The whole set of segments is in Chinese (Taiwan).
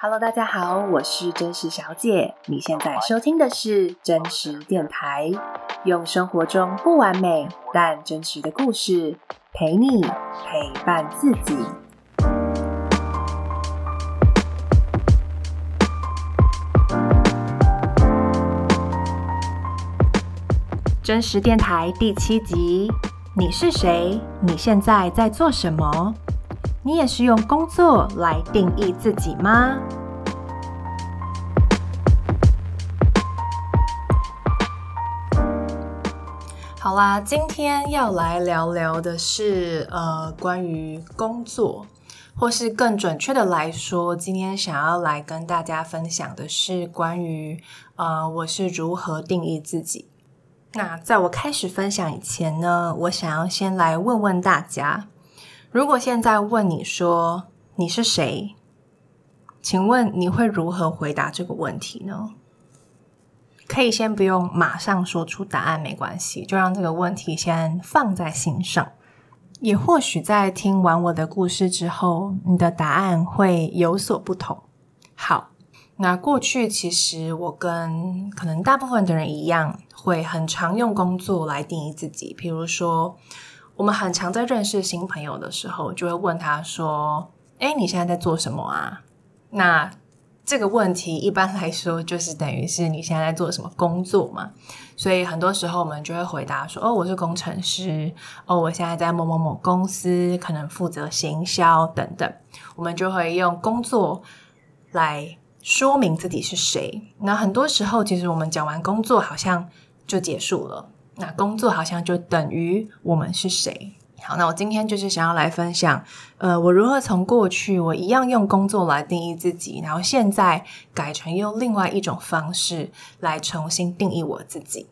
Hello，大家好，我是真實小姐。你現在收聽的是真實電台，用生活中不完美但真實的故事陪你陪伴自己。真實電台第七集，你是誰？你現在在做什麼？你也是用工作來定義自己嗎？好啦，今天要來聊聊的是呃，關於工作，或是更準確的來說，今天想要來跟大家分享的是關於呃，我是如何定義自己。那在我開始分享以前呢，我想要先來問問大家。如果現在問你說，你是誰，請問你會如何回答這個問題呢？可以先不用馬上說出答案，沒關係，就讓這個問題先放在心上。也或許在聽完我的故事之後，你的答案會有所不同。好，那過去其實我跟可能大部分的人一樣，會很常用工作來定義自己，譬如說，我們很常在認識新朋友的時候，就會問他說：“哎，你現在在做什麼啊？”那這個問題一般來說就是等於是你現在在做什麼工作嘛。所以很多時候我們就會回答說：“哦，我是工程師。哦，我現在在某某某公司，可能負責行銷等等。”我們就會用工作來說明自己是誰。那很多時候，其實我們講完工作，好像就結束了。那工作好像就等於我們是誰。好，那我今天就是想要來分享，呃，我如何從過去我一樣用工作來定義自己，然後現在改成用另外一種方式來重新定義我自己。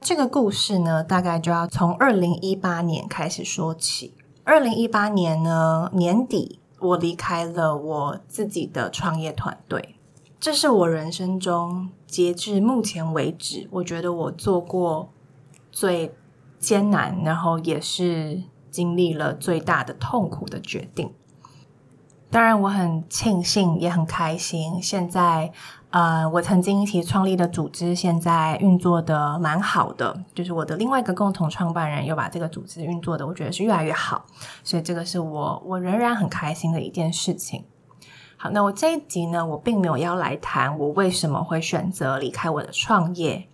這個故事呢，大概就要從二零一八年開始說起。二零一八年呢，年底，我離開了我自己的創業團隊，這是我人生中截至目前為止，我覺得我做過。最艱難，然後也是經歷了最大的痛苦的決定。當然，我很慶幸，也很開心。現在，呃，我曾經一起創立的組織現在運作的蠻好的。就是我的另外一個共同創辦人又把這個組織運作的，我覺得是越來越好。所以，這個是我我仍然很開心的一件事情。好，那我這一集呢，我並沒有要來談我為什麼會選擇離開我的創業。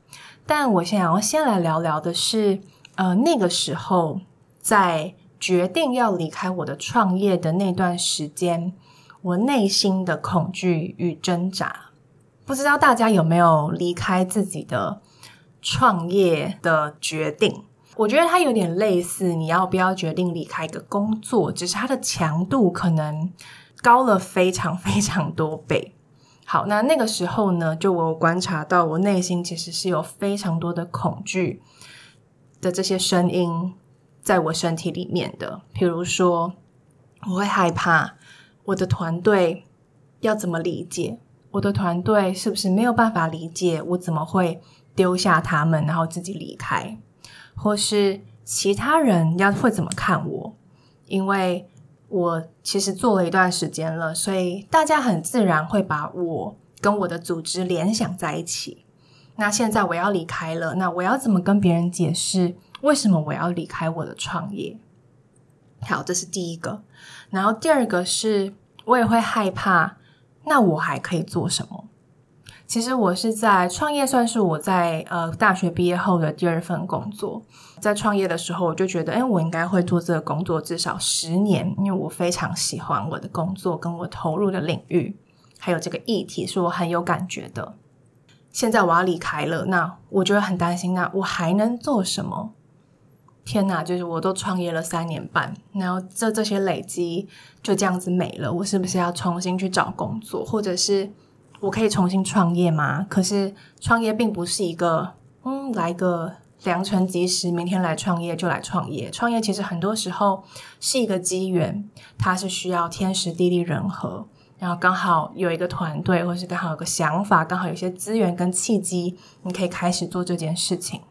但我想要先來聊聊的是，呃，那個時候在決定要離開我的創業的那段時間，我內心的恐懼與掙扎。不知道大家有沒有離開自己的創業的決定？我覺得它有點類似你要不要決定離開一個工作，只是它的強度可能高了非常非常多倍。好，那那個時候呢，就我觀察到，我內心其實是有非常多的恐懼的這些聲音在我身體裡面的。譬如說，我會害怕我的團隊要怎麼理解，我的團隊是不是沒有辦法理解我怎麼會丟下他們，然後自己離開，或是其他人要會怎麼看我，因為。我其實做了一段時間了，所以大家很自然會把我跟我的組織聯想在一起。那現在我要離開了，那我要怎麼跟別人解釋為什麼我要離開我的創業？好，這是第一個。然後第二個是我也會害怕，那我還可以做什麼？其實我是在創業，算是我在呃，大學畢業後的第二份工作。在創業的時候，我就覺得，哎、欸，我應該會做這個工作至少十年，因為我非常喜歡我的工作，跟我投入的領域，還有這個議題是我很有感覺的。現在我要離開了，那我就會很擔心。那我還能做什麼？天哪，就是我都創業了三年半，然後這這些累積就這樣子沒了，我是不是要重新去找工作，或者是我可以重新創業嗎？可是創業並不是一個，嗯，來個。良辰吉時，明天來創業就來創業。創業其實很多時候是一個機緣，它是需要天時地利人和，然後剛好有一個團隊，或是剛好有個想法，剛好有些資源跟契機，你可以開始做這件事情。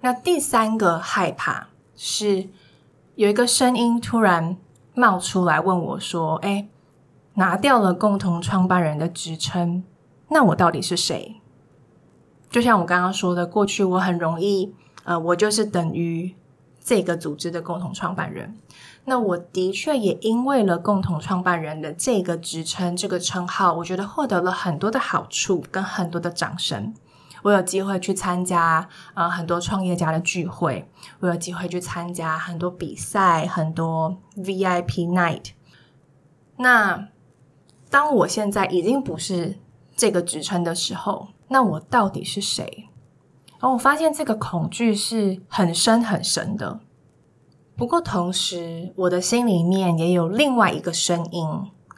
那第三個害怕是有一個聲音突然冒出來問我說：“哎，拿掉了共同創辦人的職稱，那我到底是誰？”就像我剛剛說的，過去我很容易，呃，我就是等於這個組織的共同創辦人。那我的確也因為了共同創辦人的這個職稱、這個稱號，我覺得獲得了很多的好處跟很多的掌聲。我有機會去參加啊、呃、很多創業家的聚會，我有機會去參加很多比賽、很多 VIP night。那當我現在已經不是這個職稱的時候，那我到底是誰？然後我發現這個恐懼是很深很深的。不過同時，我的心裡面也有另外一個聲音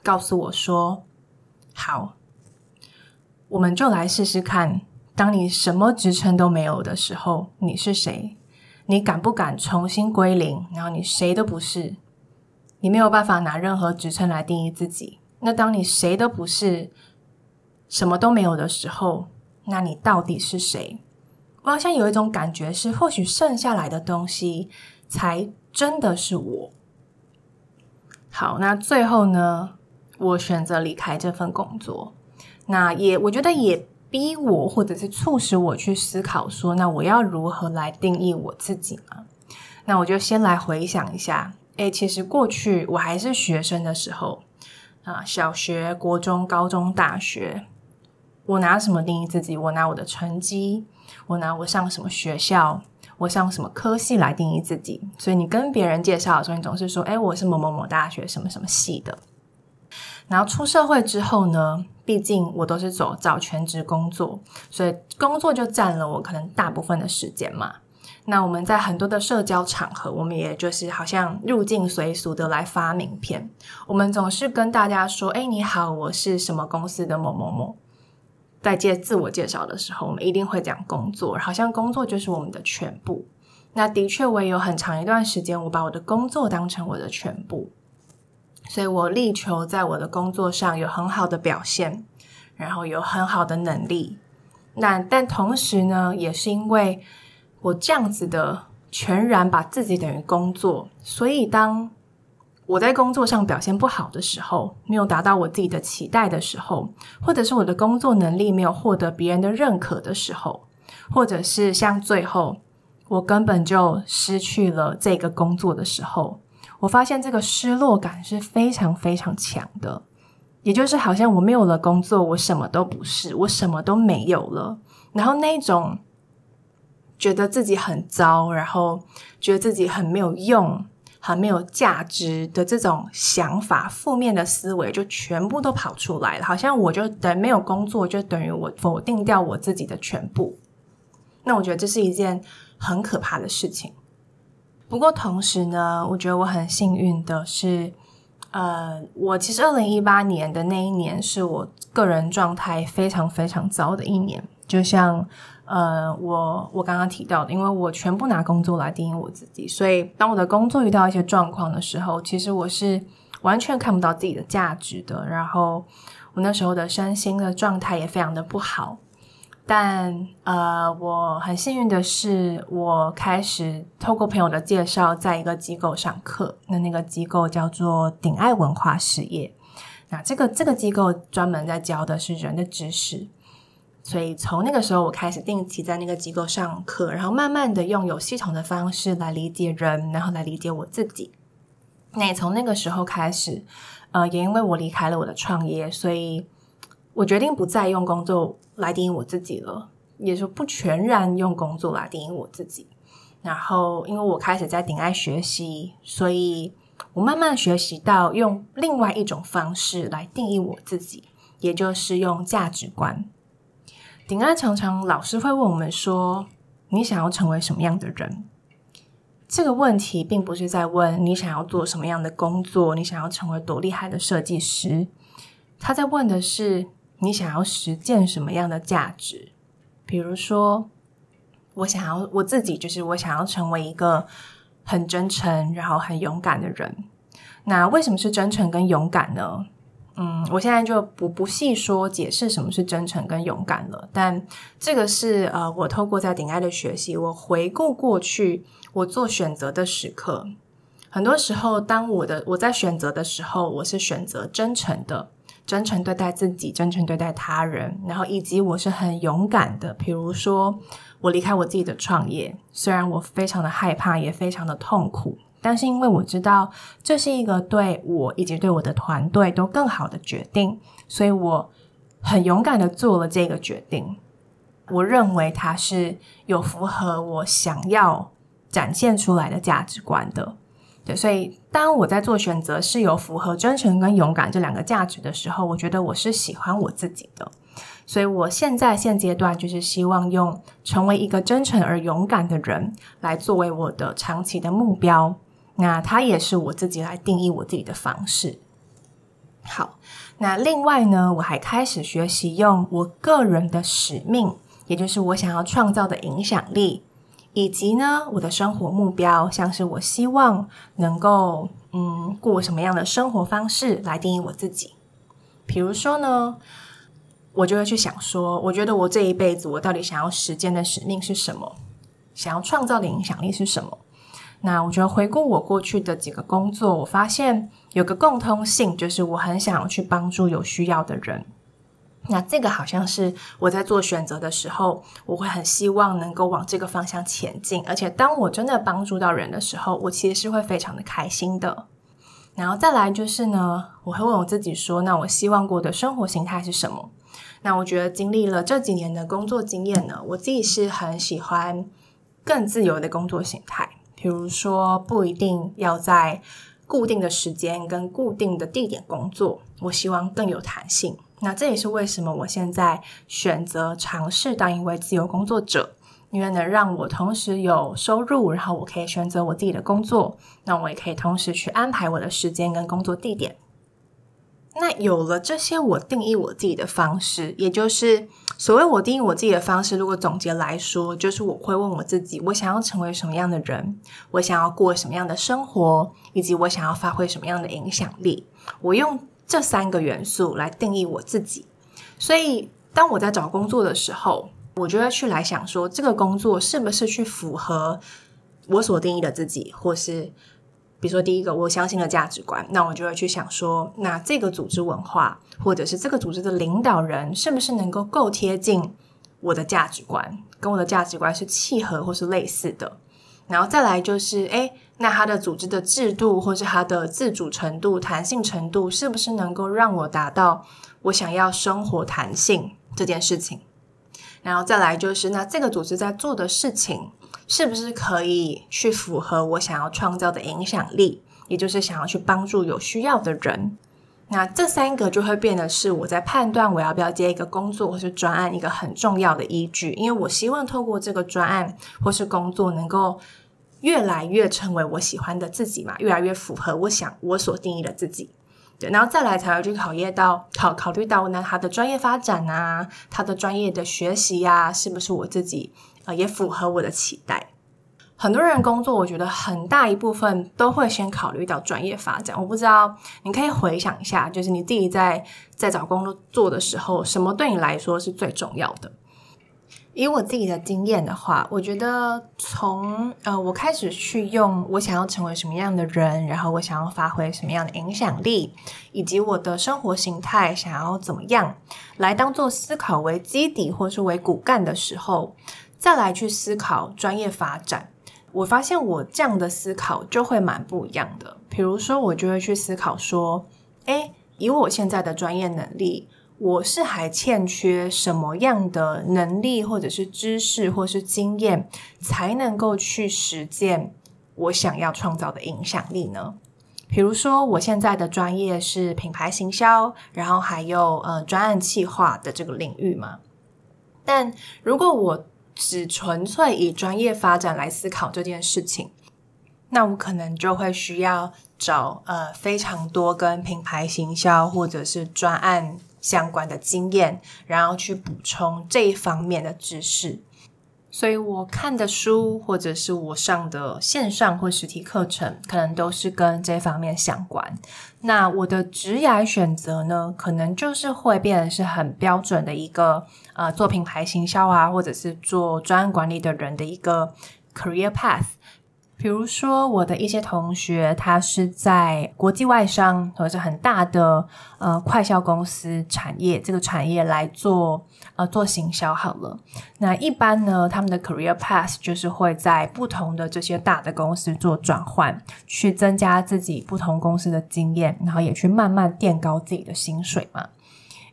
告訴我說：“好，我們就來試試看。當你什麼職稱都沒有的時候，你是誰？你敢不敢重新歸零？然後你誰都不是，你沒有辦法拿任何職稱來定義自己。那當你誰都不是，什麼都沒有的時候。”那你到底是誰？我好像有一種感覺，是或許剩下來的東西，才真的是我。好，那最後呢，我選擇離開這份工作。那也，我覺得也逼我，或者是促使我去思考說，那我要如何來定義我自己呢？那我就先來回想一下。誒，其實過去我還是學生的時候，啊，小學、國中、高中、大學。我拿什麼定義自己？我拿我的成績，我拿我上什麼學校，我上什麼科系來定義自己。所以你跟別人介紹的時候，你總是說：“誒、哎，我是某某某大學什麼什麼系的。”然後出社會之後呢，畢竟我都是走找全職工作，所以工作就佔了我可能大部分的時間嘛。那我們在很多的社交場合，我們也就是好像入境隨俗的來發名片，我們總是跟大家說：“誒、哎，你好，我是什麼公司的某某某。”在介自我介紹的時候，我們一定會講工作，好像工作就是我們的全部。那的確，我也有很長一段時間，我把我的工作當成我的全部，所以我力求在我的工作上有很好的表現，然後有很好的能力。那但同時呢，也是因為我這樣子的全然把自己等於工作，所以當我在工作上表現不好的時候，沒有達到我自己的期待的時候，或者是我的工作能力沒有獲得別人的認可的時候，或者是像最後我根本就失去了這個工作的時候，我發現這個失落感是非常非常強的，也就是好像我沒有了工作，我什麼都不是，我什麼都沒有了，然後那種覺得自己很糟，然後覺得自己很沒有用。很沒有價值的這種想法，負面的思維就全部都跑出來了，好像我就等沒有工作，就等於我否定掉我自己的全部。那我覺得這是一件很可怕的事情。不過同時呢，我覺得我很幸運的是，呃，我其實2018年的那一年是我個人狀態非常非常糟的一年，就像，呃，我我剛剛提到的，因為我全部拿工作來定義我自己，所以當我的工作遇到一些狀況的時候，其實我是完全看不到自己的價值的。然後我那時候的身心的狀態也非常的不好。但呃，我很幸運的是，我開始透過朋友的介紹，在一個機構上課。那那個機構叫做鼎愛文化事業。那這個這個機構專門在教的是人的知識。所以從那個時候，我開始定期在那個機構上課，然後慢慢的用有系統的方式來理解人，然後來理解我自己。那也從那個時候開始，呃，也因為我離開了我的創業，所以我決定不再用工作來定義我自己了，也就不全然用工作來定義我自己。然後因為我開始在頂愛學習，所以我慢慢學習到用另外一種方式來定義我自己，也就是用價值觀。頂愛常常老師會問我們說：“你想要成為什麼樣的人？”這個問題並不是在問你想要做什麼樣的工作，你想要成為多厲害的設計師。他在問的是你想要實踐什麼樣的價值？比如說，我想要，我自己就是我想要成為一個很真誠，然後很勇敢的人。那為什麼是真誠跟勇敢呢？嗯，我現在就不不細說解釋什麼是真誠跟勇敢了，但這個是呃，我透過在頂愛的學習，我回顧過去我做選擇的時刻，很多時候當我的我在選擇的時候，我是選擇真誠的，真誠對待自己，真誠對待他人，然後以及我是很勇敢的，比如說我離開我自己的創業，雖然我非常的害怕，也非常的痛苦。但是因為我知道這是一個對我以及對我的團隊都更好的決定，所以我很勇敢地做了這個決定。我認為它是有符合我想要展現出來的價值觀的。對，所以當我在做選擇是有符合真誠跟勇敢這兩個價值的時候，我覺得我是喜歡我自己的。所以我現在現階段就是希望用成為一個真誠而勇敢的人來作為我的長期的目標。那它也是我自己來定義我自己的方式。好，那另外呢，我還開始學習用我個人的使命，也就是我想要創造的影響力，以及呢我的生活目標，像是我希望能夠嗯過什麼樣的生活方式來定義我自己。比如說呢，我就會去想說，我覺得我這一輩子我到底想要時間的使命是什麼？想要創造的影響力是什麼？那我覺得回顧我過去的幾個工作，我發現有個共通性，就是我很想要去幫助有需要的人。那這個好像是我在做選擇的時候，我會很希望能夠往這個方向前進，而且當我真的幫助到人的時候，我其實是會非常的開心的。然後再來就是呢，我會問我自己說，那我希望過的生活形態是什麼？那我覺得經歷了這幾年的工作經驗呢，我自己是很喜歡更自由的工作形態。比如說，不一定要在固定的時間跟固定的地點工作，我希望更有彈性。那這也是為什麼我現在選擇嘗試當一位自由工作者，因為能讓我同時有收入，然後我可以選擇我自己的工作，那我也可以同時去安排我的時間跟工作地點。那有了這些，我定義我自己的方式，也就是所謂我定義我自己的方式。如果總結來說，就是我會問我自己：我想要成為什麼樣的人？我想要過什麼樣的生活？以及我想要發揮什麼樣的影響力？我用這三個元素來定義我自己。所以，當我在找工作的時候，我就會去來想說，這個工作是不是去符合我所定義的自己，或是……比如說，第一個，我相信的價值觀，那我就會去想說，那這個組織文化，或者是這個組織的領導人，是不是能夠夠貼近我的價值觀，跟我的價值觀是契合或是類似的？然後再來就是，誒、欸，那他的組織的制度，或是他的自主程度、彈性程度，是不是能夠讓我達到我想要生活彈性這件事情？然後再來就是，那這個組織在做的事情。是不是可以去符合我想要創造的影響力，也就是想要去幫助有需要的人？那這三個就會變得是，我在判斷我要不要接一個工作或是專案一個很重要的依據，因為我希望透過這個專案或是工作，能夠越來越成為我喜歡的自己嘛，越來越符合我想我所定義的自己。對，然後再來才會去考慮到考考慮到呢他的專業發展啊，他的專業的學習呀、啊，是不是我自己？呃，也符合我的期待。很多人工作，我覺得很大一部分都會先考慮到專業發展。我不知道，你可以回想一下，就是你自己在在找工作做的時候，什麼對你來說是最重要的？以我自己的經驗的話，我覺得從呃，我開始去用我想要成為什麼樣的人，然後我想要發揮什麼樣的影響力，以及我的生活形態想要怎麼樣，來當做思考為基底，或是為骨幹的時候。再來去思考專業發展，我發現我這樣的思考就會蠻不一樣的。比如說，我就會去思考說，誒，以我現在的專業能力，我是還欠缺什麼樣的能力，或者是知識，或是經驗，才能夠去實踐我想要創造的影響力呢？比如說，我現在的專業是品牌行銷，然後還有呃，專案企劃的這個領域嘛。但如果我只純粹以專業發展來思考這件事情，那我可能就會需要找呃非常多跟品牌行銷或者是專案相關的經驗，然後去補充這一方面的知識。所以我看的書或者是我上的線上或實體課程，可能都是跟這方面相關。那我的職業選擇呢，可能就是會變成是很標準的一個，呃，做品牌行銷啊，或者是做專案管理的人的一個 career path。比如說，我的一些同學，他是在國際外商或者是很大的呃快銷公司產業這個產業來做呃，做行銷好了。那一般呢，他們的 career path 就是會在不同的這些大的公司做轉換，去增加自己不同公司的經驗，然後也去慢慢墊高自己的薪水嘛。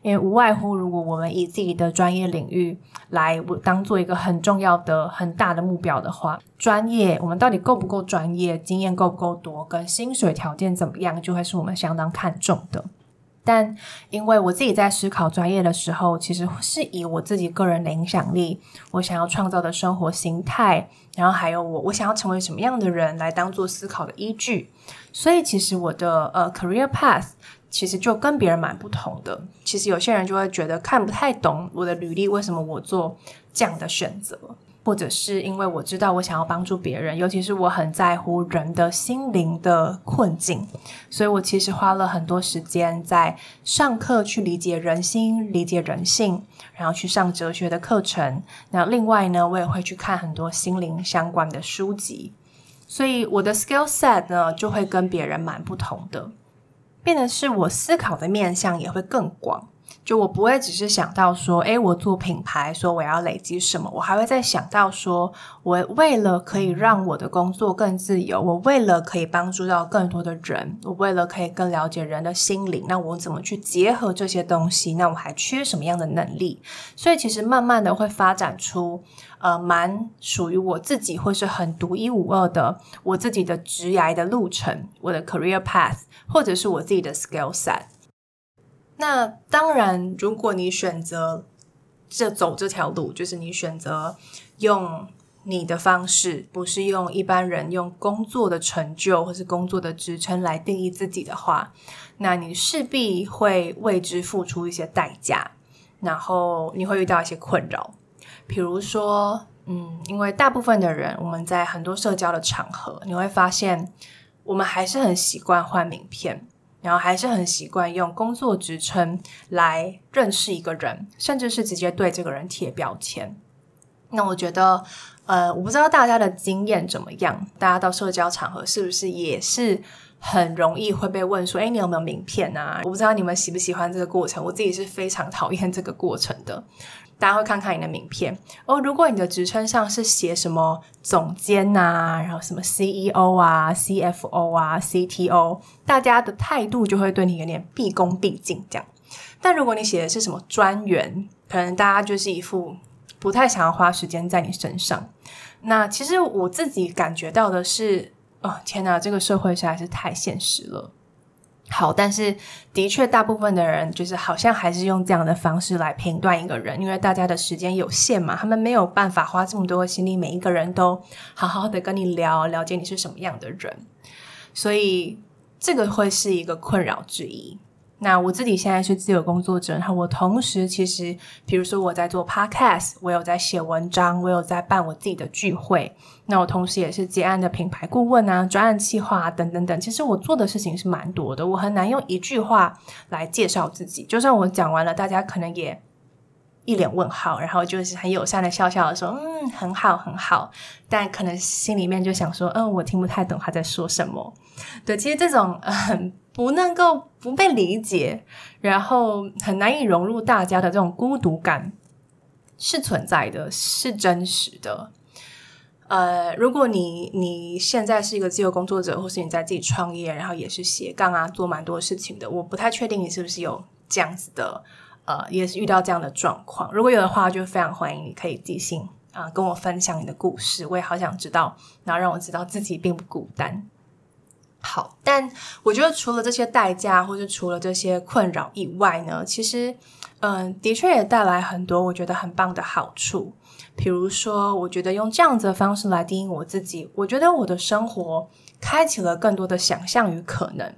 因為無外乎，如果我們以自己的專業領域來當做一個很重要的、很大的目標的話，專業我們到底夠不夠專業，經驗夠不夠多，跟薪水條件怎麼樣，就會是我們相當看重的。但因為我自己在思考專業的時候，其實是以我自己個人的影響力，我想要創造的生活形態，然後還有我我想要成為什麼樣的人來當作思考的依據。所以，其實我的呃，uh, career path。其實就跟別人蠻不同的。其實有些人就會覺得看不太懂我的履歷，為什麼我做這樣的選擇，或者是因為我知道我想要幫助別人，尤其是我很在乎人的心靈的困境，所以我其實花了很多時間在上課去理解人心、理解人性，然後去上哲學的課程。那另外呢，我也會去看很多心靈相關的書籍，所以我的 skill set 呢，就會跟別人蠻不同的。變的是，我思考的面向也會更廣。就我不會只是想到說，誒，我做品牌，說我要累積什麼，我還會再想到說，我為了可以讓我的工作更自由，我為了可以幫助到更多的人，我為了可以更了解人的心靈，那我怎麼去結合這些東西？那我還缺什麼樣的能力？所以其實慢慢的會發展出，呃，蠻屬於我自己或是很獨一無二的我自己的職涯的路程，我的 career path，或者是我自己的 skill set。那當然，如果你選擇這走這條路，就是你選擇用你的方式，不是用一般人用工作的成就或是工作的職稱來定義自己的話，那你勢必會為之付出一些代價，然後你會遇到一些困擾，比如說，嗯，因為大部分的人，我們在很多社交的場合，你會發現，我們還是很習慣換名片。然後還是很習慣用工作職稱來認識一個人，甚至是直接對這個人貼標籤。那我覺得，呃，我不知道大家的經驗怎麼樣，大家到社交場合，是不是也是很容易會被問說，誒、欸、你有沒有名片啊？我不知道你們喜不喜歡這個過程，我自己是非常討厭這個過程的。大家會看看你的名片，哦，如果你的職稱上是寫什麼總監吶、啊，然後什麼 CEO 啊、CFO 啊、CTO，大家的態度就會對你有點畢恭畢敬這樣。但如果你寫的是什麼專員，可能大家就是一副不太想要花時間在你身上。那其實我自己感覺到的是，哦，天吶，這個社會實在是太現實了。好，但是的確，大部分的人就是好像還是用這樣的方式來評斷一個人，因為大家的時間有限嘛，他們沒有辦法花這麼多的心力，每一個人都好好的跟你聊，了解你是什麼樣的人，所以這個會是一個困擾之一。那我自己現在是自由工作者，然後我同時其實，比如說我在做 podcast，我有在寫文章，我有在辦我自己的聚會。那我同時也是接案的品牌顧問啊，專案計劃啊，等等等。其實我做的事情是蠻多的，我很難用一句話來介紹自己。就算我講完了，大家可能也一臉問號，然後就是很友善的笑笑的說：“嗯，很好，很好。”但可能心裡面就想說：“嗯、呃，我聽不太懂他在說什麼。”對，其實這種嗯。不能夠不被理解，然後很難以融入大家的這種孤獨感是存在的，是真實的。呃，如果你你現在是一個自由工作者，或是你在自己創業，然後也是斜槓啊，做蠻多事情的，我不太確定你是不是有這樣子的，呃，也是遇到這樣的狀況。如果有的話，就非常歡迎你可以寄信啊，跟我分享你的故事，我也好想知道，然後讓我知道自己並不孤單。好，但我覺得除了這些代價或者除了這些困擾以外呢，其實，嗯，的確也帶來很多我覺得很棒的好處。比如說，我覺得用這樣子的方式來定義我自己，我覺得我的生活開啟了更多的想象與可能。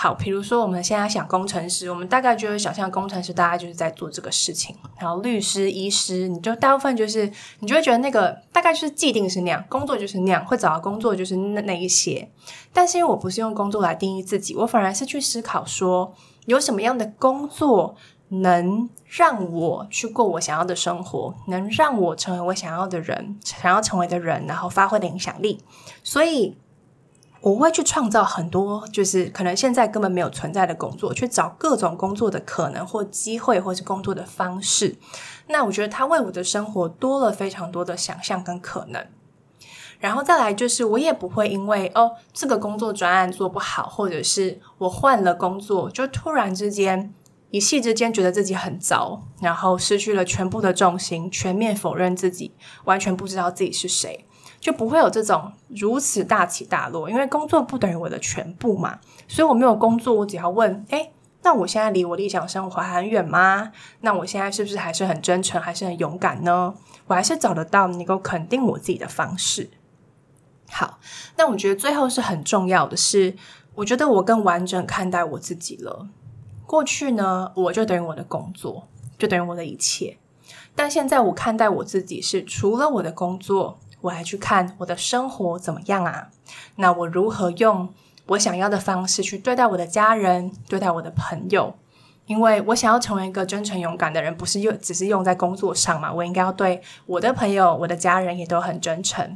好，比如說我們現在想工程師，我們大概就會想象工程師大概就是在做這個事情。然後律師、醫師，你就大部分就是你就會覺得那個大概就是既定是那樣，工作就是那樣，會找到工作就是那那一些。但是因為我不是用工作來定義自己，我反而是去思考說，有什麼樣的工作能讓我去過我想要的生活，能讓我成為我想要的人，想要成為的人，然後發揮的影響力。所以。我會去創造很多，就是可能現在根本沒有存在的工作，去找各種工作的可能或機會，或是工作的方式。那我覺得他為我的生活多了非常多的想象跟可能。然後再來就是，我也不會因為哦，這個工作專案做不好，或者是我換了工作，就突然之間一夕之間覺得自己很糟，然後失去了全部的重心，全面否認自己，完全不知道自己是誰。就不會有這種如此大起大落，因為工作不等於我的全部嘛。所以我沒有工作，我只要問：誒、欸，那我現在離我的理想生活還很遠嗎？那我現在是不是還是很真誠，還是很勇敢呢？我還是找得到你能夠肯定我自己的方式。好，那我覺得最後是很重要的是，我覺得我更完整看待我自己了。過去呢，我就等於我的工作，就等於我的一切。但現在我看待我自己是，除了我的工作，我來去看我的生活怎麼樣啊？那我如何用我想要的方式去對待我的家人、對待我的朋友？因為我想要成為一個真誠勇敢的人，不是用只是用在工作上嘛？我應該要對我的朋友、我的家人也都很真誠。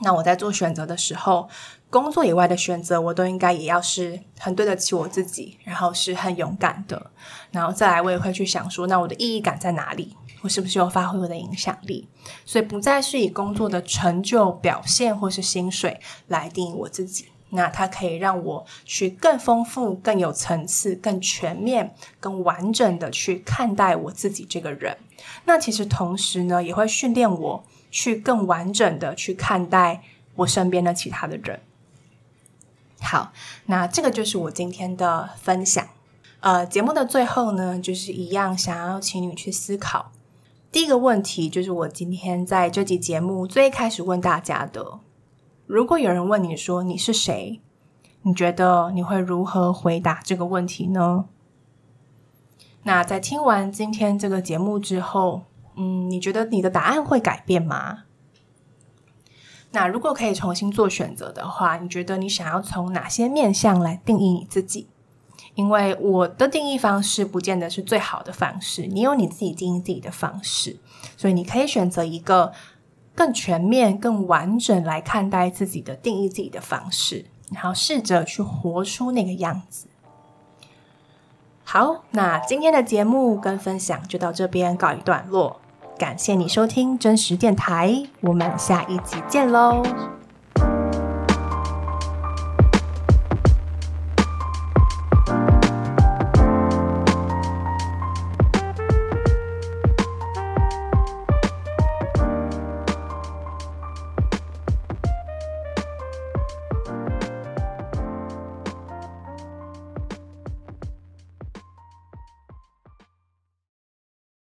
那我在做選擇的時候，工作以外的選擇，我都應該也要是很對得起我自己，然後是很勇敢的。然後再來，我也會去想說，那我的意義感在哪裡？我是不是有發揮我的影響力？所以不再是以工作的成就表現或是薪水來定義我自己。那它可以讓我去更豐富、更有層次、更全面、更完整的去看待我自己這個人。那其實同時呢，也會訓練我去更完整的去看待我身邊的其他的人。好，那這個就是我今天的分享。呃，節目的最後呢，就是一樣想要請你去思考。第一個問題就是我今天在這集節目最開始問大家的：如果有人問你說你是誰？你覺得你會如何回答這個問題呢？那在聽完今天這個節目之後，嗯，你覺得你的答案會改變嗎？那如果可以重新做選擇的話，你覺得你想要從哪些面向來定義你自己？因為我的定義方式不見得是最好的方式，你有你自己定義自己的方式，所以你可以選擇一個更全面、更完整來看待自己的定義自己的方式，然後試着去活出那個樣子。好，那今天的節目跟分享就到這邊告一段落，感謝你收聽真實電台，我們下一集見嘍。